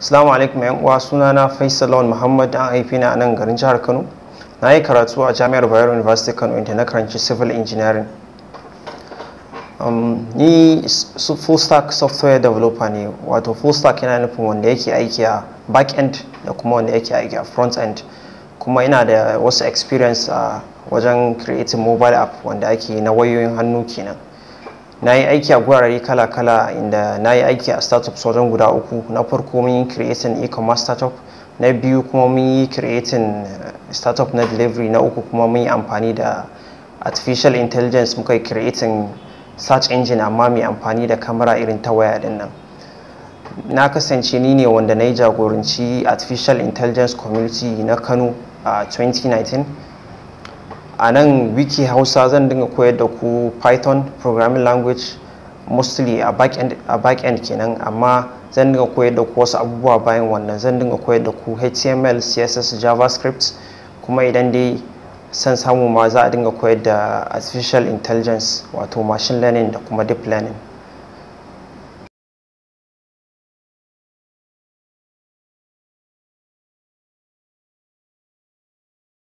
Assalamu alaikum yan uwa sunana Faisal Lawan Muhammad an haifi na a nan garin jihar Kano. Na yi karatu a Jami'ar Bayero University Kano inda na karanci Civil Engineering. Um, ni full stack software developer ne wato full stack yana nufin wanda yake aiki a back end da kuma wanda yake aiki a front end kuma ina da wasu experience a wajen creating mobile app wanda ake na wayoyin hannu kenan. na yi aiki a gurare kala-kala inda na yi aiki a startup sojan guda uku na farko mun yi creating e-commerce startup na biyu kuma mun yi creating eh, startup na delivery na uku kuma mun yi amfani da artificial intelligence muka yi creating search engine amma mai amfani da kamera irin ta waya din nan na kasance ni ne wanda na yi jagoranci artificial intelligence community na kano a 2019 a nan wiki hausa zan dinga koyar da ku python programming language mostly a back-end kenan amma zan dinga koyar da ku wasu abubuwa bayan wannan zan dinga koyar da ku html css javascript kuma idan dai san samu ma za a dinga koyar da artificial intelligence wato machine learning da kuma deep learning